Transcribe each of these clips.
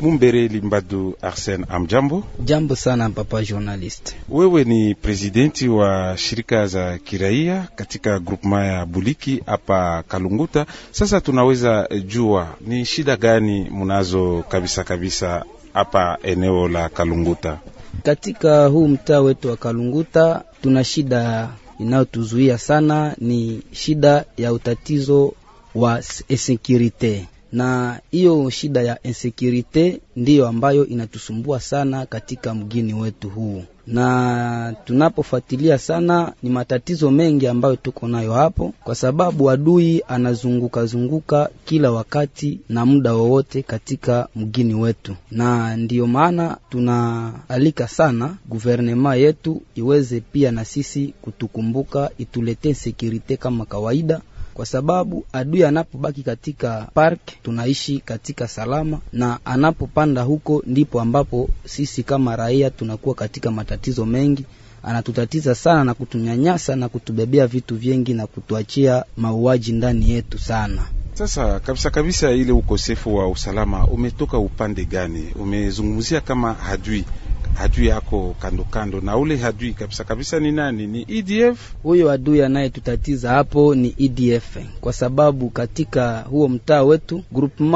Mumbere Limbadu Arsene, amjambo. Jambo sana papa journalist. Wewe ni presidenti wa shirika za kiraia katika groupema ya Buliki hapa Kalunguta. Sasa tunaweza jua ni shida gani munazo kabisa kabisa hapa eneo la Kalunguta? Katika huu mtaa wetu wa Kalunguta tuna shida inayotuzuia sana, ni shida ya utatizo wa insekurite na hiyo shida ya insecurity ndiyo ambayo inatusumbua sana katika mgini wetu huu, na tunapofuatilia sana ni matatizo mengi ambayo tuko nayo hapo, kwa sababu adui anazunguka zunguka kila wakati na muda wowote katika mgini wetu, na ndiyo maana tunaalika sana guvernema yetu iweze pia na sisi kutukumbuka, itulete insecurity kama kawaida kwa sababu adui anapobaki katika park tunaishi katika salama, na anapopanda huko ndipo ambapo sisi kama raia tunakuwa katika matatizo mengi. Anatutatiza sana na kutunyanyasa na kutubebea vitu vingi na kutuachia mauaji ndani yetu sana. Sasa kabisa kabisa, ile ukosefu wa usalama umetoka upande gani? Umezungumzia kama hadui adui yako kando kando, na ule adui kabisa kabisa ni nani? Ni EDF. Huyo adui anayetutatiza hapo ni EDF, kwa sababu katika huo mtaa wetu groupement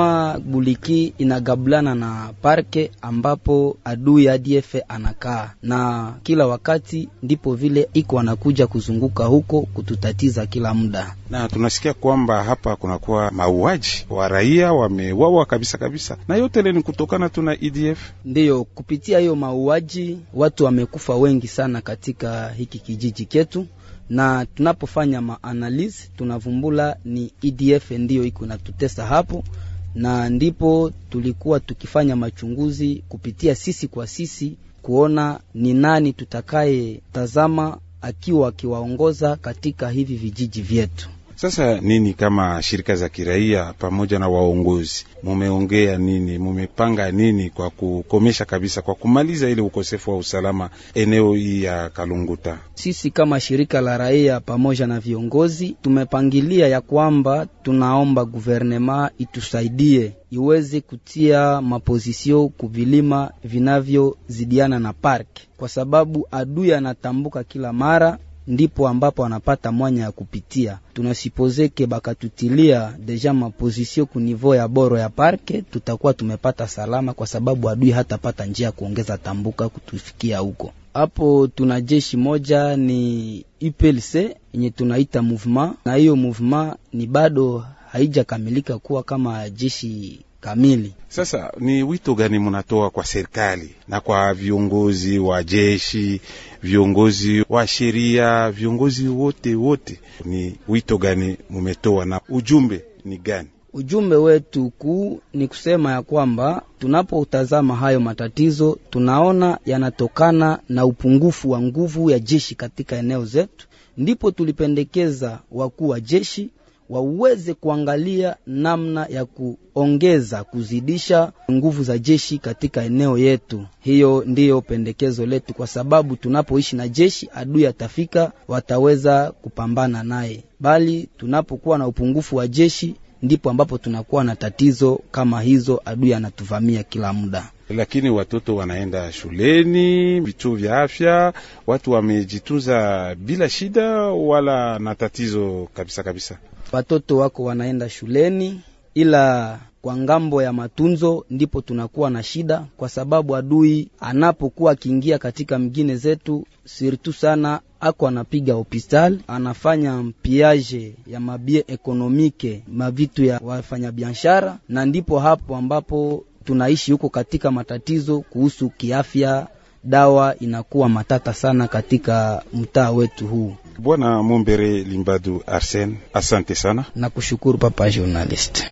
Buliki inagablana na parke ambapo adui ADF e anakaa, na kila wakati ndipo vile iko anakuja kuzunguka huko kututatiza kila muda, na tunasikia kwamba hapa kunakuwa mauaji wa raia, wamewawa kabisa kabisa, na yote ile ni kutokana tu na EDF, ndiyo kupitia hiyo mau mauaji, watu wamekufa wengi sana katika hiki kijiji ketu na tunapofanya maanalizi tunavumbula ni EDF ndiyo iko inatutesa hapo, na ndipo tulikuwa tukifanya machunguzi kupitia sisi kwa sisi kuona ni nani tutakaye tazama akiwa akiwaongoza katika hivi vijiji vyetu. Sasa nini kama shirika za kiraia pamoja na waongozi, mumeongea nini? Mumepanga nini kwa kukomesha kabisa, kwa kumaliza ile ukosefu wa usalama eneo hii ya Kalunguta? Sisi kama shirika la raia pamoja na viongozi tumepangilia ya kwamba tunaomba guvernema itusaidie iweze kutia mapozisio kuvilima vinavyozidiana na park, kwa sababu adui anatambuka kila mara ndipo ambapo anapata mwanya ya kupitia. ke bakatutilia deja mapozisio niveau ya boro ya parke, tutakuwa tumepata salama, kwa sababu adui hatapata njia ya kuongeza tambuka kutufikia huko. Hapo tuna jeshi moja ni UPLC yenye tunaita movement, na hiyo movement ni bado haijakamilika kuwa kama jeshi kamili. Sasa ni wito gani mnatoa kwa serikali na kwa viongozi wa jeshi viongozi wa sheria, viongozi wote wote, ni wito gani mumetoa na ujumbe ni gani? Ujumbe wetu kuu ni kusema ya kwamba tunapotazama hayo matatizo, tunaona yanatokana na upungufu wa nguvu ya jeshi katika eneo zetu, ndipo tulipendekeza wakuu wa jeshi waweze kuangalia namna ya kuongeza kuzidisha nguvu za jeshi katika eneo yetu. Hiyo ndiyo pendekezo letu, kwa sababu tunapoishi na jeshi, adui atafika, wataweza kupambana naye, bali tunapokuwa na upungufu wa jeshi ndipo ambapo tunakuwa na tatizo kama hizo, adui anatuvamia kila muda lakini watoto wanaenda shuleni, vituo vya afya, watu wamejitunza bila shida wala na tatizo kabisa kabisa. Watoto wako wanaenda shuleni, ila kwa ngambo ya matunzo ndipo tunakuwa na shida, kwa sababu adui anapokuwa akiingia katika mgine zetu sirtu sana ako anapiga hospitali, anafanya mpiaje ya mabie ekonomike mavitu ya wafanyabiashara, na ndipo hapo ambapo tunaishi huko katika matatizo kuhusu kiafya, dawa inakuwa matata sana katika mtaa wetu huu. Bwana Mumbere Limbadu Arsen, asante sana. Nakushukuru papa journalist.